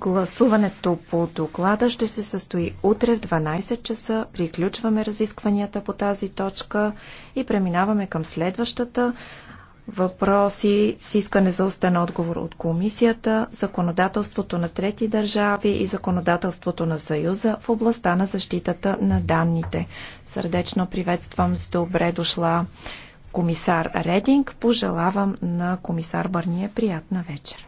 Гласуването по доклада ще се състои утре в 12 часа. Приключваме разискванията по тази точка и преминаваме към следващата. Въпроси с искане за устен отговор от комисията, законодателството на трети държави и законодателството на Съюза в областта на защитата на данните. Сърдечно приветствам с добре дошла комисар Рединг. Пожелавам на комисар Бърния приятна вечер.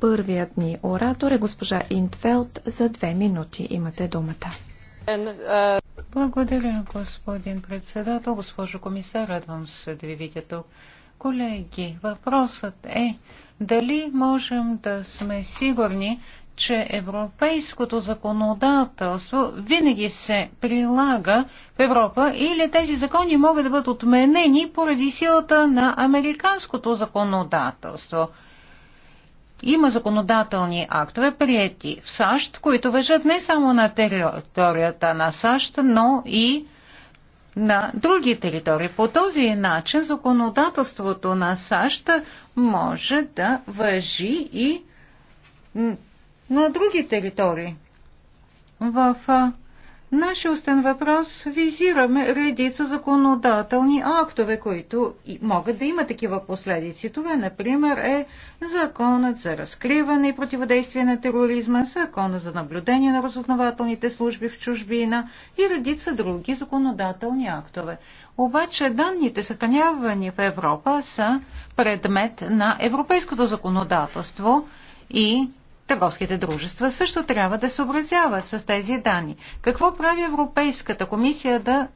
Първият ни оратор е госпожа Интфелд за две минути. Имате думата. Благодаря, господин председател, госпожо комисар. Радвам се да ви видя тук. Колеги, въпросът е дали можем да сме сигурни, че европейското законодателство винаги се прилага в Европа или тези закони могат да бъдат отменени поради силата на американското законодателство – има законодателни актове, прияти в САЩ, които въжат не само на територията на САЩ, но и на други територии. По този начин законодателството на САЩ може да въжи и на други територии. В нашия устен въпрос визираме редица законодателни актове, които могат да има такива последици. Това, например, е Законът за разкриване и противодействие на тероризма, Закона за наблюдение на разузнавателните служби в чужбина и редица други законодателни актове. Обаче данните, съхранявани в Европа, са предмет на европейското законодателство и Търговските дружества също трябва да съобразяват с тези данни. Какво прави Европейската комисия да,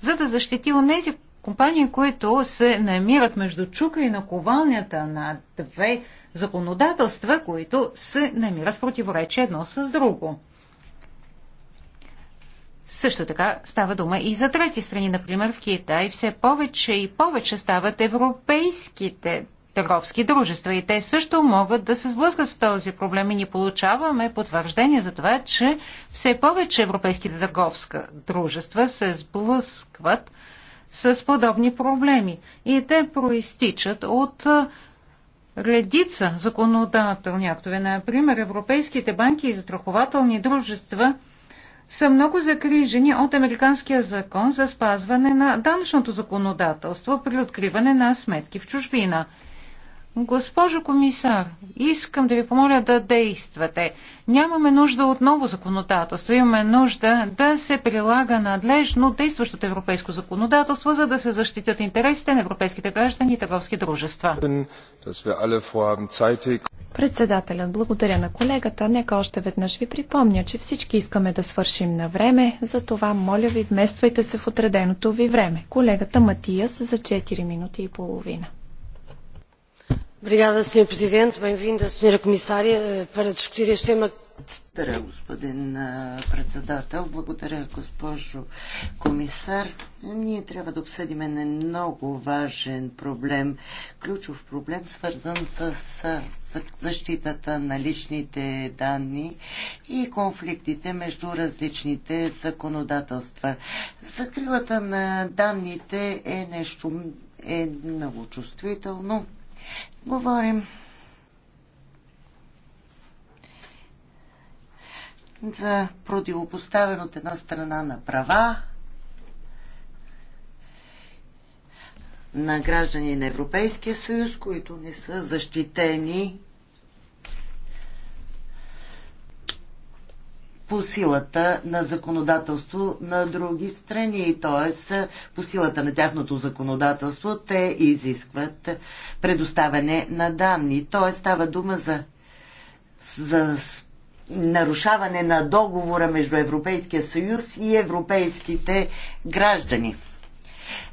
за да защити тези компании, които се намират между чука и наковалнята на две законодателства, които се намират в противоречие едно с друго. Също така става дума и за трети страни, например в Китай. Все повече и повече стават европейските търговски дружества. И те също могат да се сблъскат с този проблем и ни получаваме потвърждение за това, че все повече европейските търговски дружества се сблъскват с подобни проблеми. И те проистичат от редица законодателни актове. Например, европейските банки и застрахователни дружества са много закрижени от Американския закон за спазване на данъчното законодателство при откриване на сметки в чужбина – Госпожо комисар, искам да ви помоля да действате. Нямаме нужда от ново законодателство, имаме нужда да се прилага надлежно действащото европейско законодателство, за да се защитят интересите на европейските граждани и търговски дружества. Председателят, благодаря на колегата. Нека още веднъж ви припомня, че всички искаме да свършим на време, затова моля ви, вмествайте се в отреденото ви време. Колегата Матиас за 4 минути и половина. Sr. Presidente. Bem-vinda, Sra. Комисария, para discutir este tema. Благодаря, господин председател. Благодаря, госпожо комисар. Ние трябва да обсъдим един много важен проблем, ключов проблем, свързан с защитата на личните данни и конфликтите между различните законодателства. Закрилата на данните е нещо е много чувствително Говорим за противопоставен от една страна на права на граждани на Европейския съюз, които не са защитени по силата на законодателство на други страни, т.е. по силата на тяхното законодателство те изискват предоставяне на данни. Т.е. става дума за, за нарушаване на договора между Европейския съюз и европейските граждани.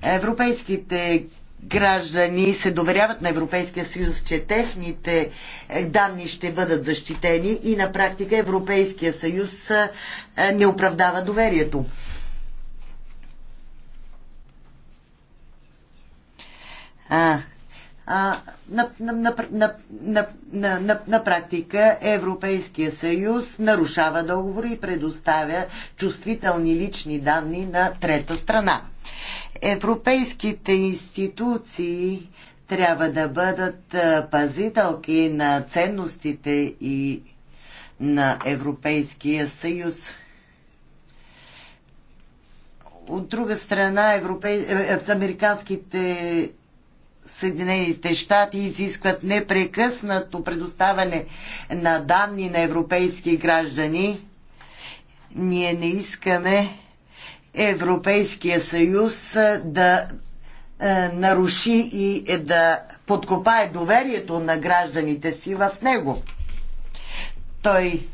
Европейските граждани се доверяват на Европейския съюз, че техните е, данни ще бъдат защитени и на практика Европейския съюз е, е, не оправдава доверието. А, на, на, на, на, на, на, на, на практика Европейския съюз нарушава договори и предоставя чувствителни лични данни на трета страна. Европейските институции трябва да бъдат пазителки на ценностите и на Европейския съюз. От друга страна, европей... Е, е, американските Съединените щати изискват непрекъснато предоставяне на данни на европейски граждани. Ние не искаме Европейския съюз да наруши и е, да подкопае доверието на гражданите си в него. Той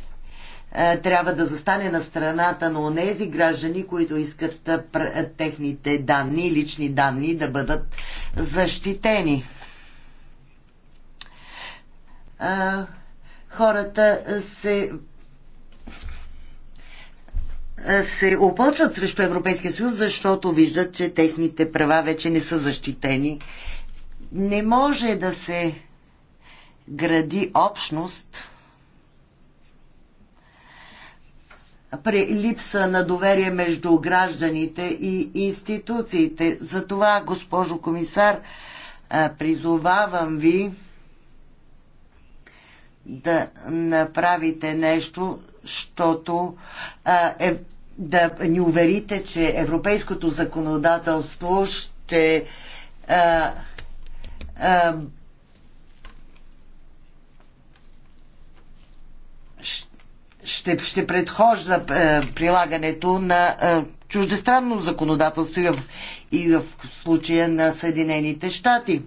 е, трябва да застане на страната на онези граждани, които искат е, е, техните данни, лични данни да бъдат защитени. Хората се се опълчват срещу Европейския съюз, защото виждат, че техните права вече не са защитени. Не може да се гради общност, при липса на доверие между гражданите и институциите. Затова, госпожо комисар, е, призовавам ви да направите нещо, защото е, е, да ни уверите, че европейското законодателство ще е, е, ще, ще предхожда е, прилагането на е, чуждестранно законодателство и в, и в случая на Съединените щати.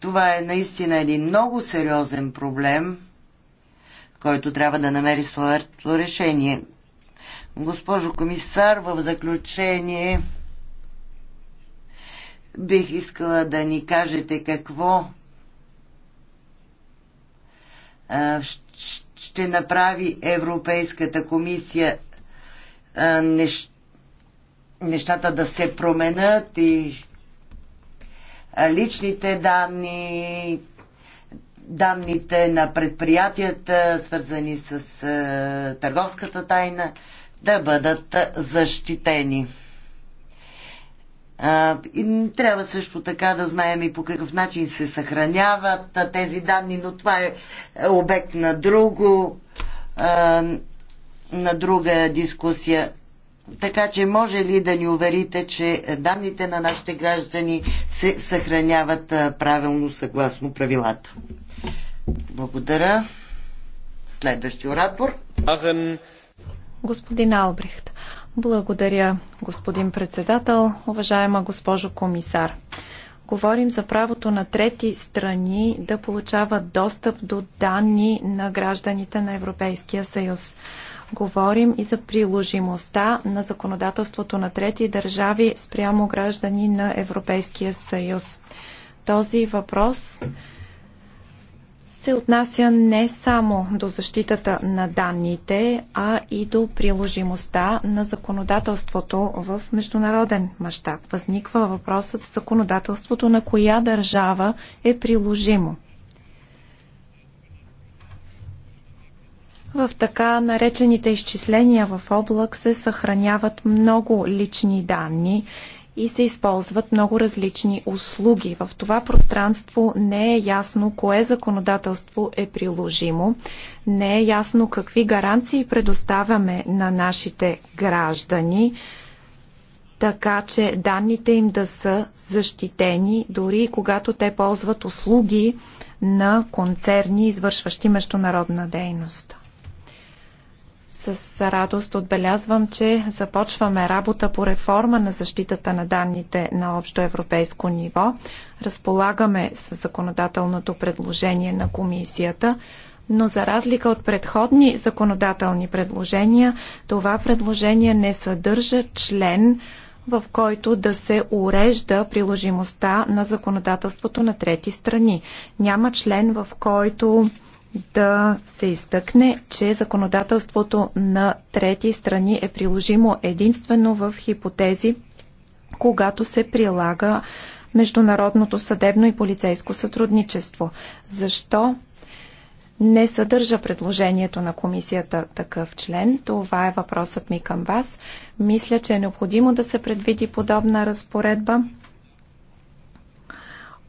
Това е наистина един много сериозен проблем, който трябва да намери своето решение. Госпожо комисар, в заключение бих искала да ни кажете какво ще ще направи Европейската комисия нещата да се променят и личните данни, данните на предприятията, свързани с търговската тайна, да бъдат защитени. И трябва също така да знаем и по какъв начин се съхраняват тези данни, но това е обект на друго на друга дискусия. Така че може ли да ни уверите, че данните на нашите граждани се съхраняват правилно съгласно правилата? Благодаря. Следващи оратор. Господин Албрехт, благодаря, господин председател, уважаема госпожо комисар. Говорим за правото на трети страни да получават достъп до данни на гражданите на Европейския съюз. Говорим и за приложимостта на законодателството на трети държави спрямо граждани на Европейския съюз. Този въпрос се отнася не само до защитата на данните, а и до приложимостта на законодателството в международен мащаб. Възниква въпросът законодателството на коя държава е приложимо. В така наречените изчисления в облак се съхраняват много лични данни и се използват много различни услуги. В това пространство не е ясно кое законодателство е приложимо, не е ясно какви гаранции предоставяме на нашите граждани, така че данните им да са защитени, дори когато те ползват услуги на концерни, извършващи международна дейност. С радост отбелязвам, че започваме работа по реформа на защитата на данните на общо европейско ниво. Разполагаме с законодателното предложение на комисията, но за разлика от предходни законодателни предложения, това предложение не съдържа член, в който да се урежда приложимостта на законодателството на трети страни. Няма член, в който да се изтъкне, че законодателството на трети страни е приложимо единствено в хипотези, когато се прилага международното съдебно и полицейско сътрудничество. Защо не съдържа предложението на комисията такъв член? Това е въпросът ми към вас. Мисля, че е необходимо да се предвиди подобна разпоредба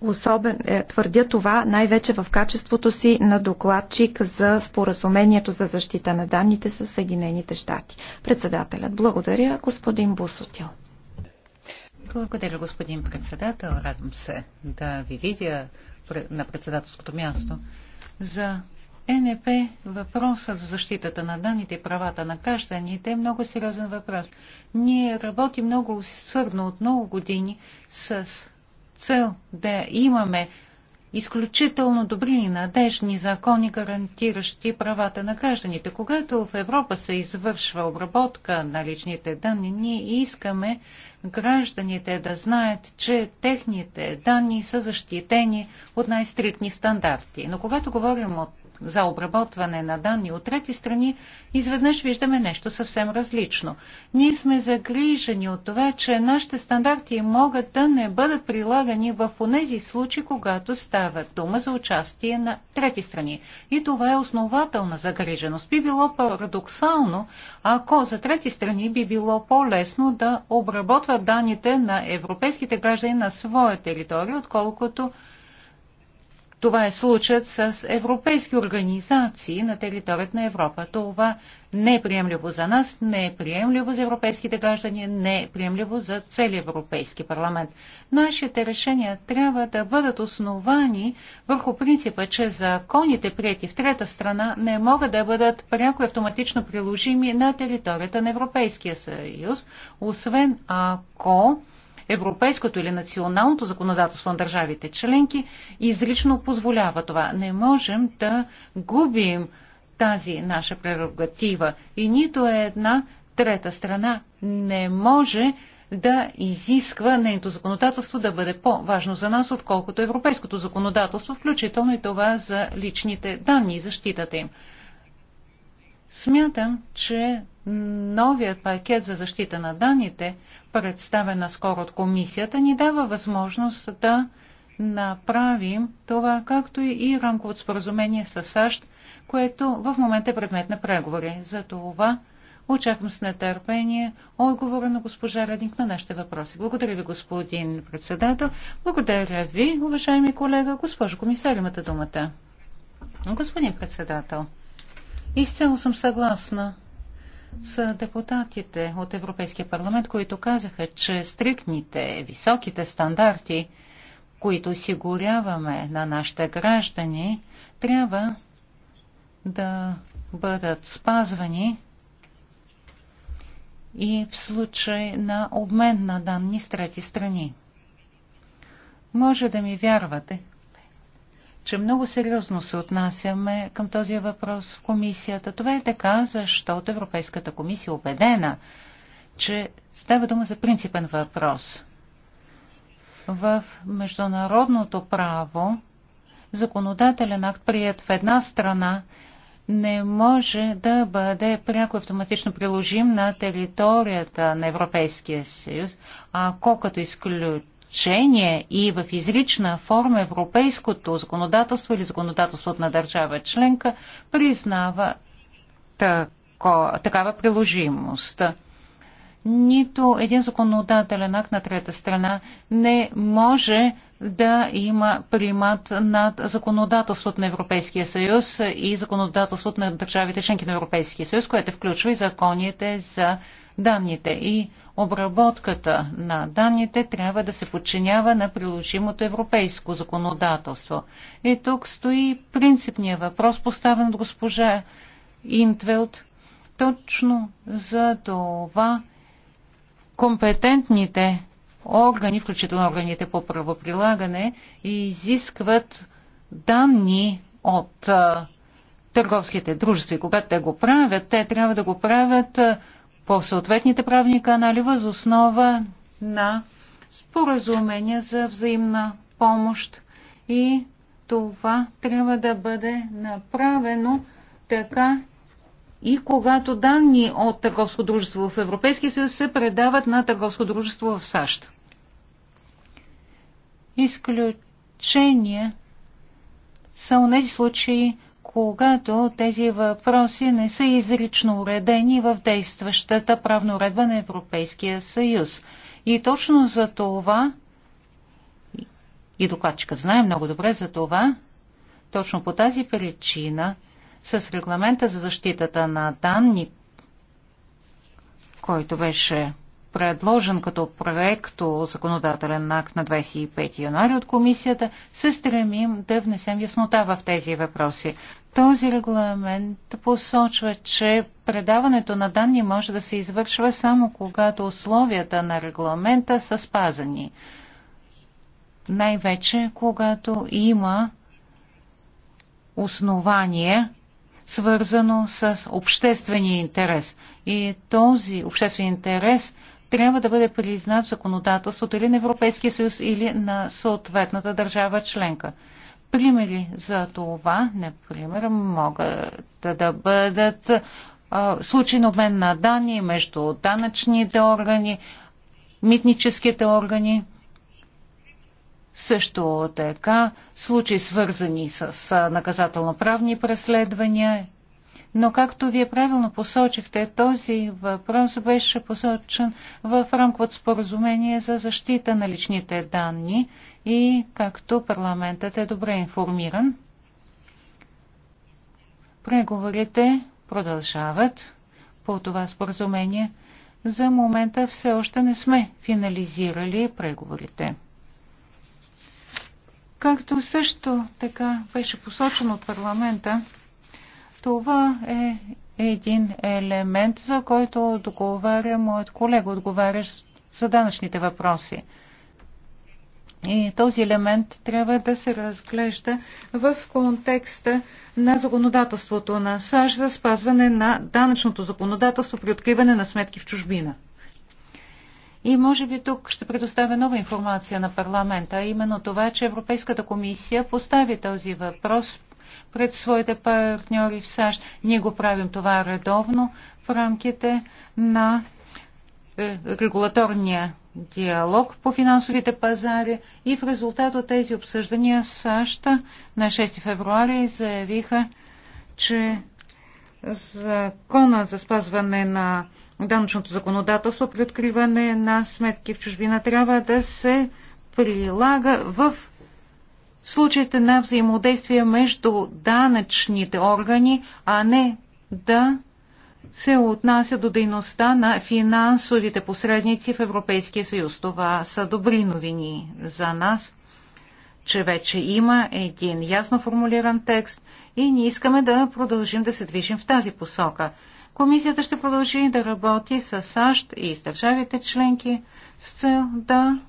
Особен, е, твърдя това най-вече в качеството си на докладчик за споразумението за защита на данните с Съединените щати. Председателят, благодаря, господин Бусотил. Благодаря, господин председател. Радвам се да ви видя на председателското място. За НП въпросът за защитата на данните и правата на гражданите е много сериозен въпрос. Ние работим много усърдно от много години с цел да имаме изключително добри и надежни закони, гарантиращи правата на гражданите. Когато в Европа се извършва обработка на личните данни, ние искаме гражданите да знаят, че техните данни са защитени от най-стриктни стандарти. Но когато говорим от за обработване на данни от трети страни, изведнъж виждаме нещо съвсем различно. Ние сме загрижени от това, че нашите стандарти могат да не бъдат прилагани в онези случаи, когато става дума за участие на трети страни. И това е основателна загриженост. Би било парадоксално, ако за трети страни би било по-лесно да обработват данните на европейските граждани на своя територия, отколкото това е случат с европейски организации на територията на Европа. Това не е приемливо за нас, не е приемливо за европейските граждани, не е приемливо за цели Европейски парламент. Нашите решения трябва да бъдат основани върху принципа, че законите, прияти в трета страна, не могат да бъдат пряко и автоматично приложими на територията на Европейския съюз, освен ако европейското или националното законодателство на държавите членки излично позволява това. Не можем да губим тази наша прерогатива и нито една трета страна не може да изисква нейното законодателство да бъде по-важно за нас, отколкото европейското законодателство, включително и това за личните данни и защитата им. Смятам, че новият пакет за защита на данните представена скоро от комисията, ни дава възможност да направим това, както и рамковото споразумение с САЩ, което в момента е предмет на преговори. За това очаквам с нетърпение отговора на госпожа Рединг на нашите въпроси. Благодаря ви, господин председател. Благодаря ви, уважаеми колега. Госпожо комисар, имате думата. Господин председател, изцяло съм съгласна с депутатите от Европейския парламент, които казаха, че стриктните, високите стандарти, които осигуряваме на нашите граждани, трябва да бъдат спазвани и в случай на обмен на данни с трети страни. Може да ми вярвате, че много сериозно се отнасяме към този въпрос в комисията. Това е така, защото Европейската комисия е убедена, че става дума за принципен въпрос. В международното право законодателен акт, прият в една страна, не може да бъде пряко автоматично приложим на територията на Европейския съюз, ако като изключ изречение и в изрична форма европейското законодателство или законодателството на държава членка признава такава приложимост. Нито един законодателен акт на трета страна не може да има примат над законодателството на Европейския съюз и законодателството на държавите членки на Европейския съюз, което включва и законите за данните и обработката на данните трябва да се подчинява на приложимото европейско законодателство. И тук стои принципният въпрос, поставен от госпожа Интвелд. Точно за това компетентните органи, включително органите по правоприлагане, изискват данни от търговските дружества. И когато те го правят, те трябва да го правят по съответните правни канали въз основа на споразумения за взаимна помощ и това трябва да бъде направено така и когато данни от търговско дружество в Европейския съюз се предават на търговско дружество в САЩ. Изключение са у нези случаи, когато тези въпроси не са изрично уредени в действащата правна уредба на Европейския съюз. И точно за това, и докладчика знае много добре за това, точно по тази причина с регламента за защитата на данни, който беше предложен като проекто законодателен акт на 25 януари от комисията, се стремим да внесем яснота в тези въпроси. Този регламент посочва, че предаването на данни може да се извършва само когато условията на регламента са спазани. Най-вече когато има основание, свързано с обществения интерес. И този обществен интерес трябва да бъде признат в законодателството или на Европейския съюз, или на съответната държава членка. Примери за това, например, могат да бъдат случай на обмен на данни между данъчните органи, митническите органи. Също така случаи свързани с наказателно-правни преследвания но както вие правилно посочихте, този въпрос беше посочен в от споразумение за защита на личните данни и както парламентът е добре информиран, преговорите продължават по това споразумение. За момента все още не сме финализирали преговорите. Както също така беше посочено от парламента, това е един елемент, за който договаря моят колега, отговарящ за данъчните въпроси. И този елемент трябва да се разглежда в контекста на законодателството на САЩ за спазване на данъчното законодателство при откриване на сметки в чужбина. И може би тук ще предоставя нова информация на парламента, а именно това, че Европейската комисия постави този въпрос пред своите партньори в САЩ. Ние го правим това редовно в рамките на е, регулаторния диалог по финансовите пазари и в резултат от тези обсъждания САЩ на 6 февруари заявиха, че закона за спазване на данъчното законодателство при откриване на сметки в чужбина трябва да се прилага в случаите на взаимодействие между данъчните органи, а не да се отнася до дейността на финансовите посредници в Европейския съюз. Това са добри новини за нас, че вече има един ясно формулиран текст и ние искаме да продължим да се движим в тази посока. Комисията ще продължи да работи с САЩ и с държавите членки с цел да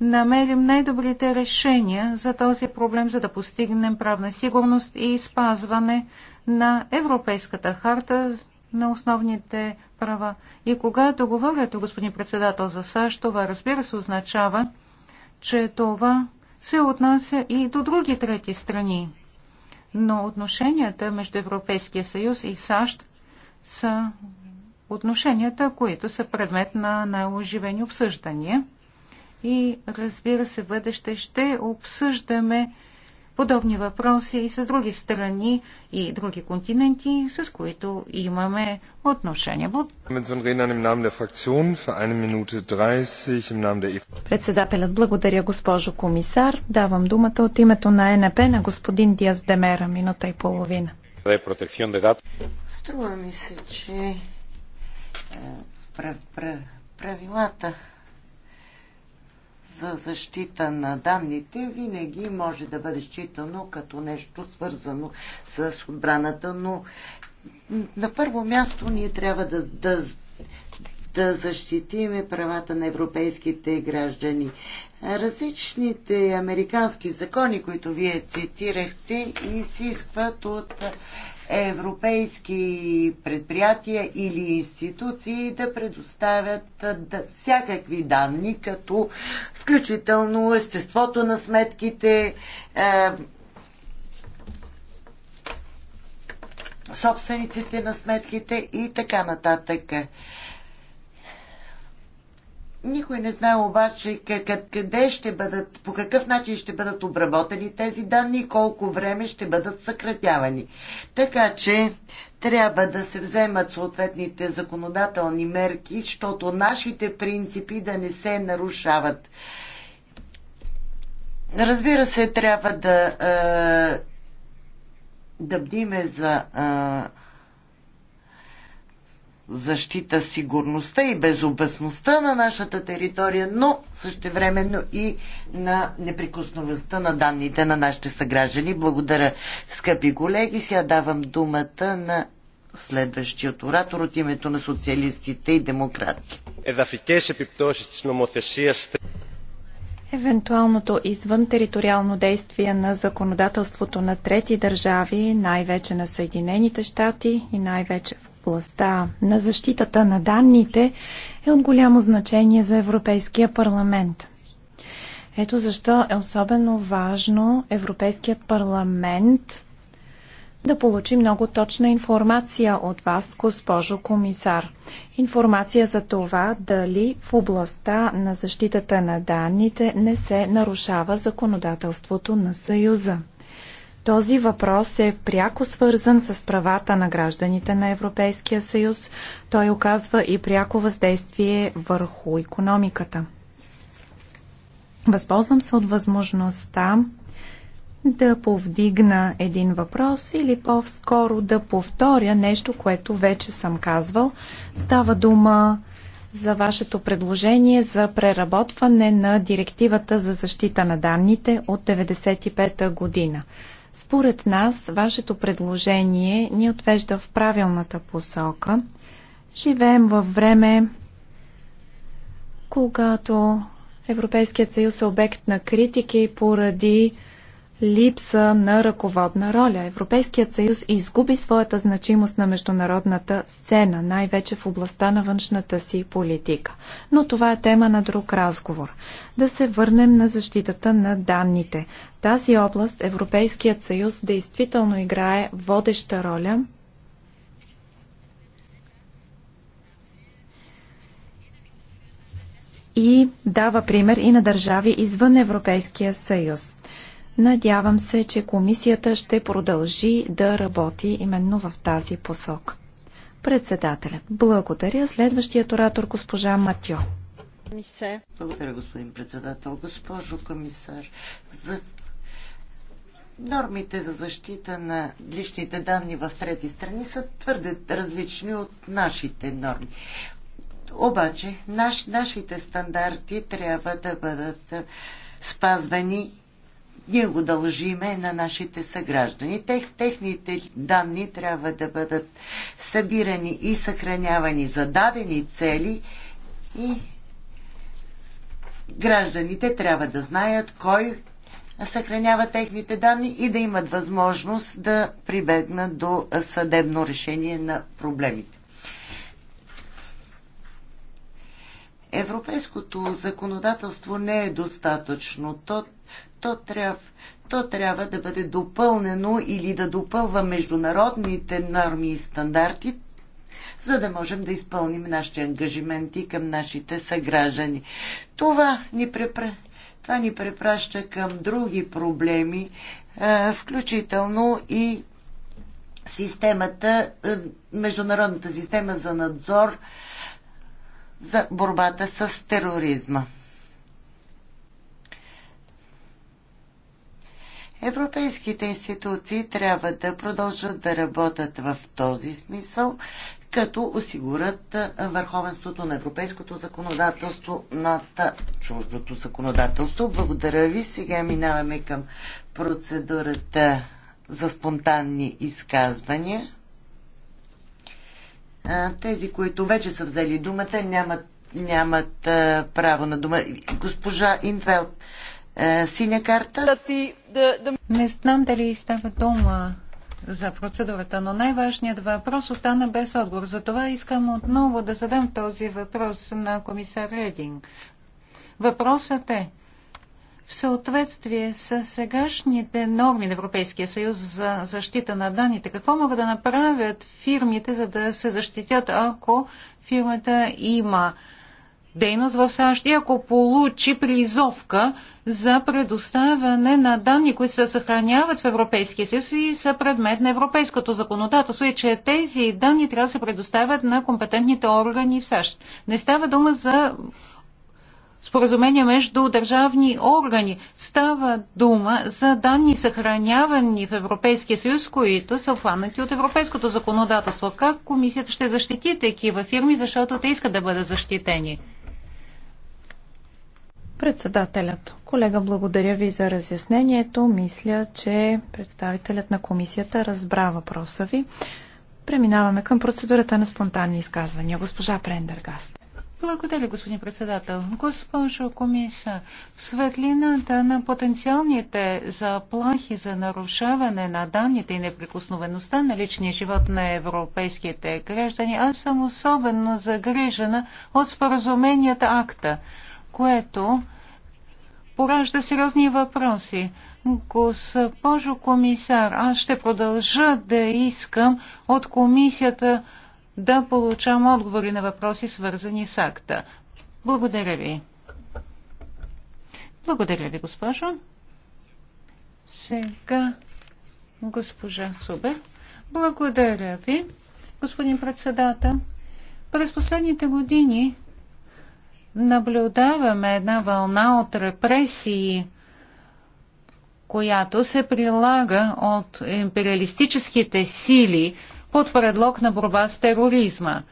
намерим най-добрите решения за този проблем, за да постигнем правна сигурност и спазване на Европейската харта на основните права. И когато говоря, господин председател, за САЩ, това разбира се означава, че това се отнася и до други трети страни. Но отношенията между Европейския съюз и САЩ са отношенията, които са предмет на най-оживени обсъждания и разбира се, бъдеще ще обсъждаме подобни въпроси и с други страни и други континенти, с които имаме отношения. Председателят благодаря госпожо комисар. Давам думата от името на НП на господин Диас Демера, минута и половина. Струва ми се, че е, правилата за защита на данните винаги може да бъде считано като нещо свързано с отбраната, но на първо място ние трябва да, да, да защитим правата на европейските граждани. Различните американски закони, които вие цитирахте, изискват от европейски предприятия или институции да предоставят всякакви данни, като включително естеството на сметките, е, собствениците на сметките и така нататък. Никой не знае обаче къде ще бъдат, по какъв начин ще бъдат обработени тези данни и колко време ще бъдат съкратявани. Така че трябва да се вземат съответните законодателни мерки, защото нашите принципи да не се нарушават. Разбира се, трябва да, е, да бдиме за. Е, защита сигурността и безопасността на нашата територия, но същевременно и на неприкосновеността на данните на нашите съграждани. Благодаря, скъпи колеги. Сега давам думата на следващият оратор от името на социалистите и демократи. Евентуалното извън териториално действие на законодателството на трети държави, най-вече на Съединените щати и най-вече в областта на защитата на данните е от голямо значение за Европейския парламент. Ето защо е особено важно Европейският парламент да получи много точна информация от вас, госпожо комисар. Информация за това дали в областта на защитата на данните не се нарушава законодателството на Съюза. Този въпрос е пряко свързан с правата на гражданите на Европейския съюз. Той оказва и пряко въздействие върху економиката. Възползвам се от възможността да повдигна един въпрос или по-скоро да повторя нещо, което вече съм казвал. Става дума за вашето предложение за преработване на директивата за защита на данните от 1995 година. Според нас, вашето предложение ни отвежда в правилната посока. Живеем във време, когато Европейският съюз е обект на критики поради липса на ръководна роля. Европейският съюз изгуби своята значимост на международната сцена, най-вече в областта на външната си политика. Но това е тема на друг разговор. Да се върнем на защитата на данните. В тази област Европейският съюз действително играе водеща роля и дава пример и на държави извън Европейския съюз. Надявам се, че комисията ще продължи да работи именно в тази посока. Председателят. Благодаря. Следващият оратор госпожа Матьо. Благодаря, господин председател. Госпожо комисар, за Нормите за защита на личните данни в трети страни са твърде различни от нашите норми. Обаче, наш, нашите стандарти трябва да бъдат спазвани ние го дължиме на нашите съграждани. Тех, техните данни трябва да бъдат събирани и съхранявани за дадени цели и гражданите трябва да знаят кой съхранява техните данни и да имат възможност да прибегнат до съдебно решение на проблемите. Европейското законодателство не е достатъчно. То, то трябва, то трябва да бъде допълнено или да допълва международните норми и стандарти, за да можем да изпълним нашите ангажименти към нашите съграждани. Това ни, препра... Това ни препраща към други проблеми, е, включително и системата, е, международната система за надзор за борбата с тероризма. Европейските институции трябва да продължат да работят в този смисъл, като осигурят върховенството на европейското законодателство над чуждото законодателство. Благодаря ви. Сега минаваме към процедурата за спонтанни изказвания. Тези, които вече са взели думата, нямат, нямат право на дума. Госпожа Инфелд, синя карта. Не знам дали става дума за процедурата, но най-важният въпрос остана без отговор. Затова искам отново да задам този въпрос на комисар Рединг. Въпросът е, в съответствие с сегашните норми на Европейския съюз за защита на данните, какво могат да направят фирмите, за да се защитят, ако фирмата има дейност в САЩ и ако получи призовка за предоставяне на данни, които се съхраняват в Европейския съюз и са предмет на европейското законодателство и че тези данни трябва да се предоставят на компетентните органи в САЩ. Не става дума за споразумения между държавни органи. Става дума за данни съхранявани в Европейския съюз, които са обхванати от европейското законодателство. Как комисията ще защити такива фирми, защото те искат да бъдат защитени? Председателят. Колега, благодаря ви за разяснението. Мисля, че представителят на комисията разбра въпроса ви. Преминаваме към процедурата на спонтанни изказвания. Госпожа Прендергаст. Благодаря, господин председател. Госпожо комиса, в светлината на потенциалните заплахи за нарушаване на данните и неприкосновеността на личния живот на европейските граждани, аз съм особено загрижена от споразуменията акта, което поражда сериозни въпроси. Госпожо комисар, аз ще продължа да искам от комисията да получам отговори на въпроси, свързани с акта. Благодаря ви. Благодаря ви, госпожо. Сега госпожа Субер. Благодаря ви, господин председател. През последните години наблюдаваме една вълна от репресии, която се прилага от империалистическите сили под предлог на борба с тероризма.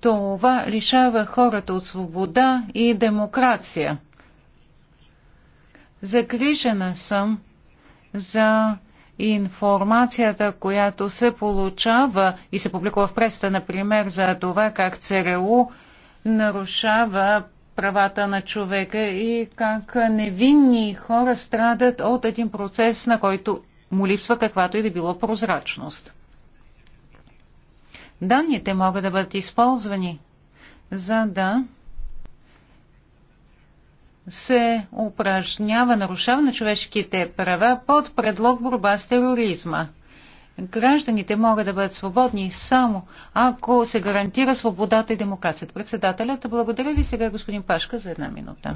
Това лишава хората от свобода и демокрация. Закрижена съм за информацията, която се получава и се публикува в преста, например, за това как ЦРУ нарушава правата на човека и как невинни хора страдат от един процес, на който му липсва каквато и да било прозрачност. Данните могат да бъдат използвани, за да се упражнява нарушава на човешките права под предлог борба с тероризма гражданите могат да бъдат свободни само ако се гарантира свободата и демокрацията. Председателят, благодаря ви сега господин Пашка за една минута.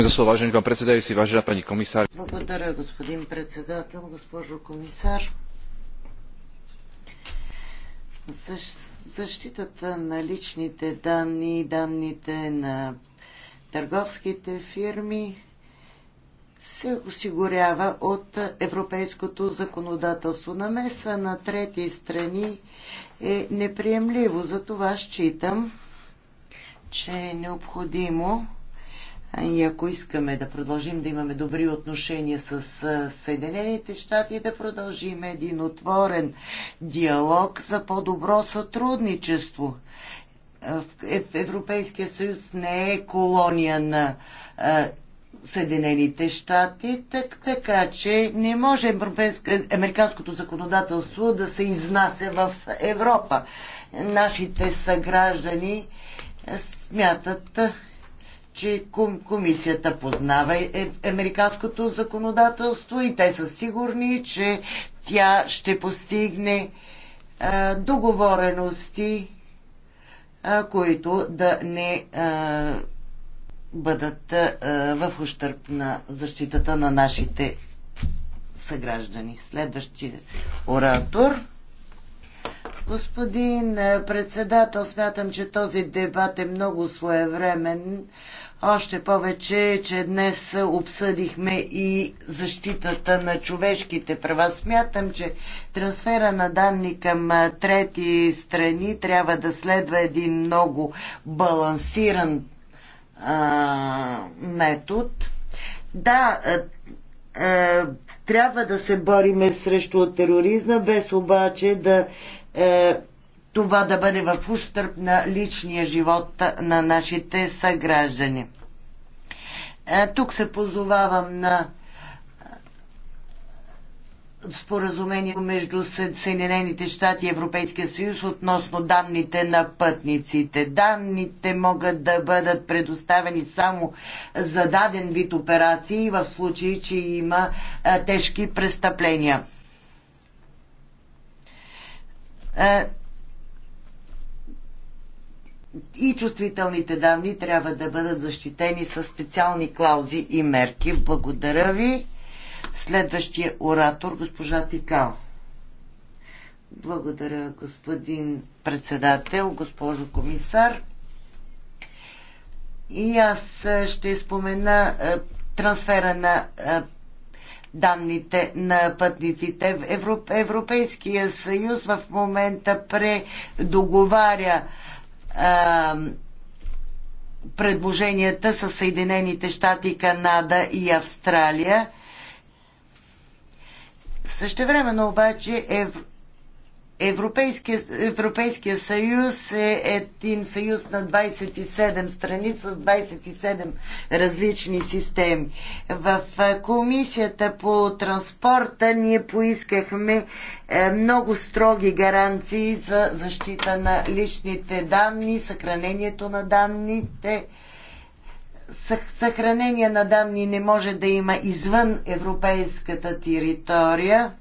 Благодаря господин председател, госпожо комисар. Защитата на личните данни и данните на търговските фирми се осигурява от европейското законодателство. Намеса на трети страни е неприемливо. Затова считам, че е необходимо и ако искаме да продължим да имаме добри отношения с Съединените щати, да продължим един отворен диалог за по-добро сътрудничество. Е, Европейския съюз не е колония на Съединените щати, так, така че не може американското законодателство да се изнася в Европа. Нашите съграждани смятат, че комисията познава е- е- американското законодателство и те са сигурни, че тя ще постигне договорености, които да не бъдат в ущърп на защитата на нашите съграждани. Следващи оратор. Господин председател, смятам, че този дебат е много своевремен. Още повече, че днес обсъдихме и защитата на човешките права. Смятам, че трансфера на данни към трети страни трябва да следва един много балансиран а, метод. Да, а, а, трябва да се бориме срещу тероризма, без обаче да а, това да бъде в ущърп на личния живот на нашите съграждани. А, тук се позовавам на споразумение между Съединените щати и Европейския съюз относно данните на пътниците. Данните могат да бъдат предоставени само за даден вид операции в случай, че има тежки престъпления. и чувствителните данни трябва да бъдат защитени с специални клаузи и мерки. Благодаря ви. Следващия оратор, госпожа Тикал. Благодаря, господин председател, госпожо комисар. И аз ще спомена трансфера на данните на пътниците. Европейския съюз в момента предоговаря предложенията с Съединените щати, Канада и Австралия – Същевременно обаче Ев... Европейския, Европейския съюз е един съюз на 27 страни с 27 различни системи. В комисията по транспорта ние поискахме е, много строги гаранции за защита на личните данни, съхранението на данните съхранение на данни не може да има извън европейската територия,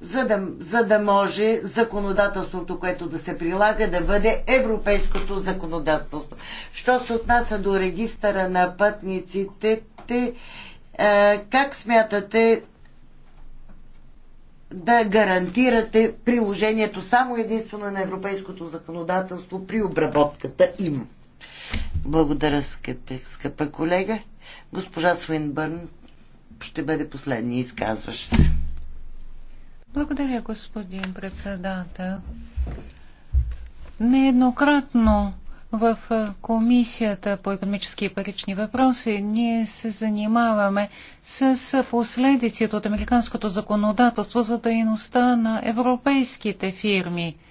за да, за да може законодателството, което да се прилага, да бъде европейското законодателство. Що се отнася до регистъра на пътниците, те, е, как смятате да гарантирате приложението само единствено на европейското законодателство при обработката им? Благодаря, скъпи, скъпа колега. Госпожа Свинбърн ще бъде последния изказващ. Благодаря, господин председател. Нееднократно в Комисията по економически и парични въпроси ние се занимаваме с последиците от американското законодателство за дейността на европейските фирми –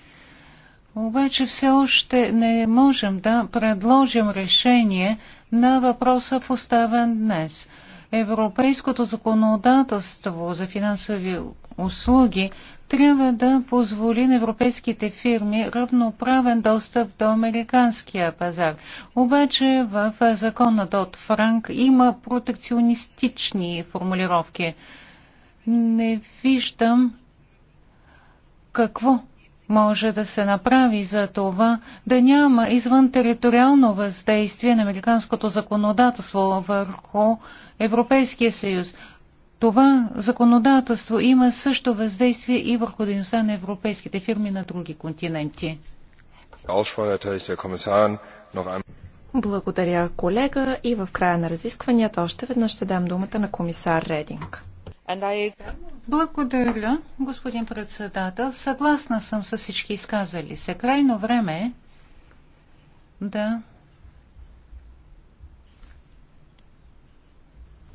обаче все още не можем да предложим решение на въпроса поставен днес. Европейското законодателство за финансови услуги трябва да позволи на европейските фирми равноправен достъп до американския пазар. Обаче в закона Дот Франк има протекционистични формулировки. Не виждам какво може да се направи за това да няма извън териториално въздействие на американското законодателство върху Европейския съюз. Това законодателство има също въздействие и върху дейността на европейските фирми на други континенти. Благодаря, колега. И в края на разискванията още веднъж ще дам думата на комисар Рединг. Благодаря, господин председател. Съгласна съм с всички изказали се. Крайно време е да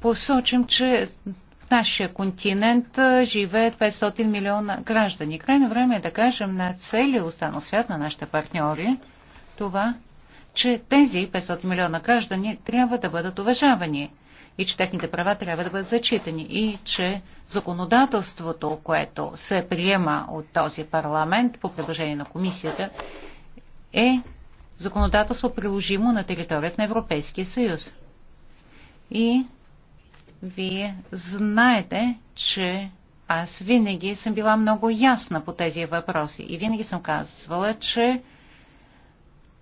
посочим, че в нашия континент живеят 500 милиона граждани. Крайно време е да кажем на целия останал свят, на нашите партньори, това, че тези 500 милиона граждани трябва да бъдат уважавани и че техните права трябва да бъдат зачитани и че законодателството, което се приема от този парламент по предложение на комисията, е законодателство приложимо на територията на Европейския съюз. И вие знаете, че аз винаги съм била много ясна по тези въпроси и винаги съм казвала, че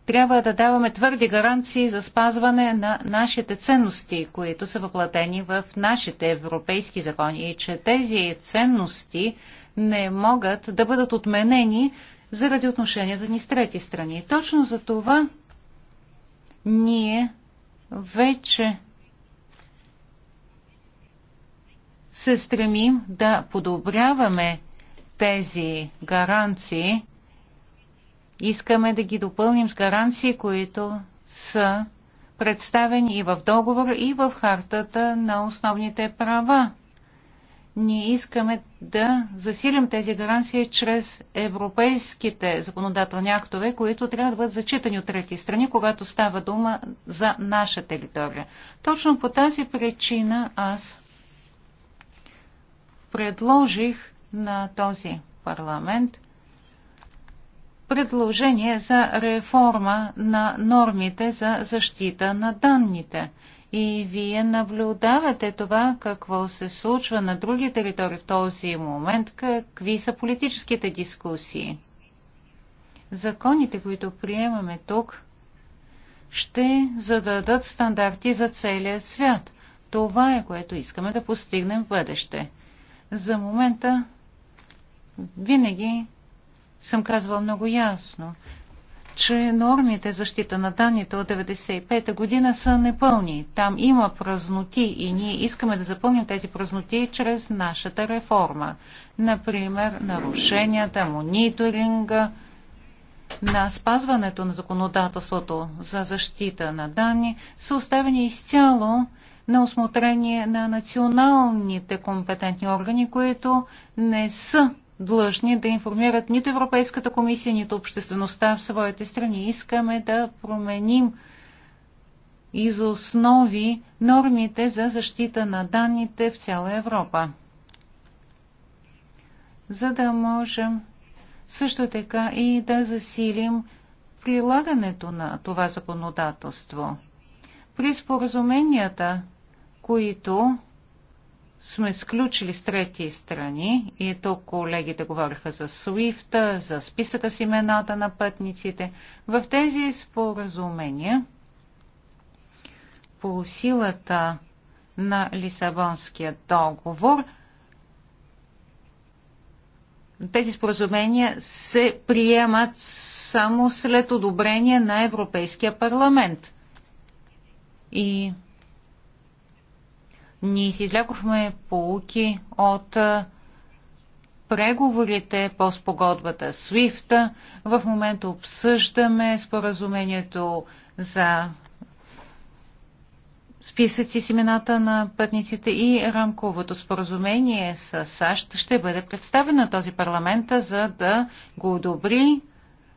трябва да даваме твърди гаранции за спазване на нашите ценности, които са въплатени в нашите европейски закони и че тези ценности не могат да бъдат отменени заради отношенията ни с трети страни. точно за това ние вече се стремим да подобряваме тези гаранции, искаме да ги допълним с гаранции, които са представени и в договор, и в хартата на основните права. Ние искаме да засилим тези гаранции чрез европейските законодателни актове, които трябва да бъдат зачитани от трети страни, когато става дума за наша територия. Точно по тази причина аз предложих на този парламент предложение за реформа на нормите за защита на данните. И вие наблюдавате това, какво се случва на други територии в този момент, какви са политическите дискусии. Законите, които приемаме тук, ще зададат стандарти за целия свят. Това е, което искаме да постигнем в бъдеще. За момента винаги съм казвала много ясно, че нормите защита на данните от 1995 година са непълни. Там има празноти и ние искаме да запълним тези празноти чрез нашата реформа. Например, нарушенията, мониторинга на спазването на законодателството за защита на данни са оставени изцяло на осмотрение на националните компетентни органи, които не са длъжни да информират нито Европейската комисия, нито обществеността в своите страни. Искаме да променим из основи нормите за защита на данните в цяла Европа. За да можем също така и да засилим прилагането на това законодателство. При споразуменията, които сме сключили с трети страни и тук колегите говориха за SWIFT, за списъка с имената на пътниците. В тези споразумения по силата на Лисабонския договор тези споразумения се приемат само след одобрение на Европейския парламент. И ние си излякохме полуки от преговорите по спогодбата SWIFT. В момента обсъждаме споразумението за списъци с имената на пътниците и рамковото споразумение с САЩ ще бъде представено на този парламент, за да го одобри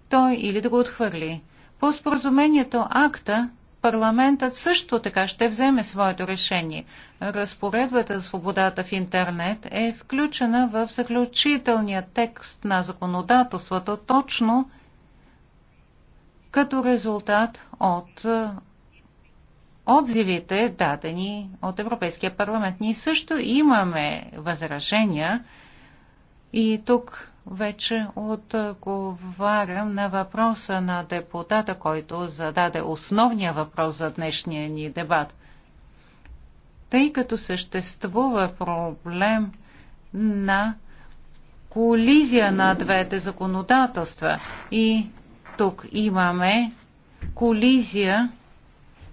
той или да го отхвърли. По споразумението акта парламентът също така ще вземе своето решение. Разпоредбата за свободата в интернет е включена в заключителния текст на законодателството точно като резултат от е, отзивите, дадени от Европейския парламент. Ние също имаме възражения и тук вече отговарям на въпроса на депутата, който зададе основния въпрос за днешния ни дебат. Тъй като съществува проблем на колизия на двете законодателства и тук имаме колизия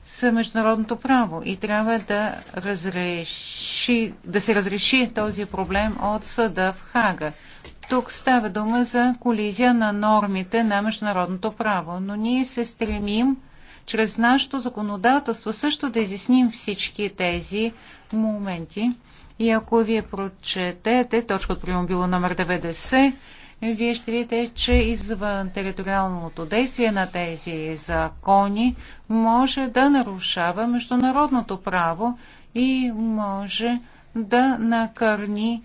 с международното право и трябва да, разреши, да се разреши този проблем от съда в Хага. Тук става дума за колизия на нормите на международното право, но ние се стремим чрез нашето законодателство също да изясним всички тези моменти. И ако вие прочетете точка от приемобило номер 90, вие ще видите, че извън териториалното действие на тези закони може да нарушава международното право и може да накърни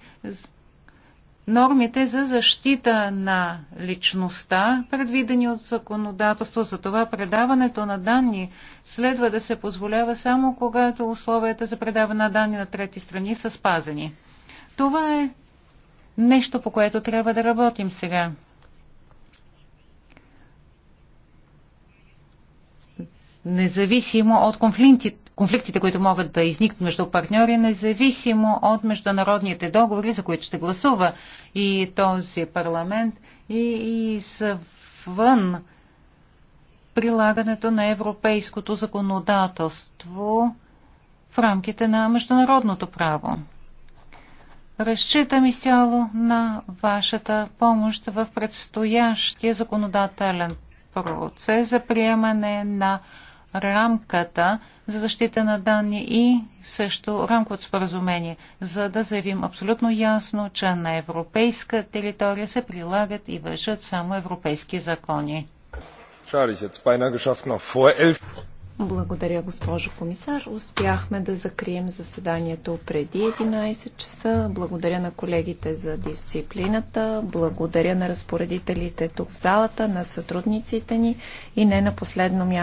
нормите за защита на личността, предвидени от законодателство. За това предаването на данни следва да се позволява само когато условията за предаване на данни на трети страни са спазени. Това е нещо, по което трябва да работим сега. Независимо от конфликтите, конфликтите, които могат да изникнат между партньори, независимо от международните договори, за които ще гласува и този парламент, и извън прилагането на европейското законодателство в рамките на международното право. Разчитам изцяло на вашата помощ в предстоящия законодателен процес за приемане на рамката за защита на данни и също рамковото споразумение, за да заявим абсолютно ясно, че на европейска територия се прилагат и вършат само европейски закони. Благодаря, госпожо комисар. Успяхме да закрием заседанието преди 11 часа. Благодаря на колегите за дисциплината. Благодаря на разпоредителите тук в залата, на сътрудниците ни и не на последно място.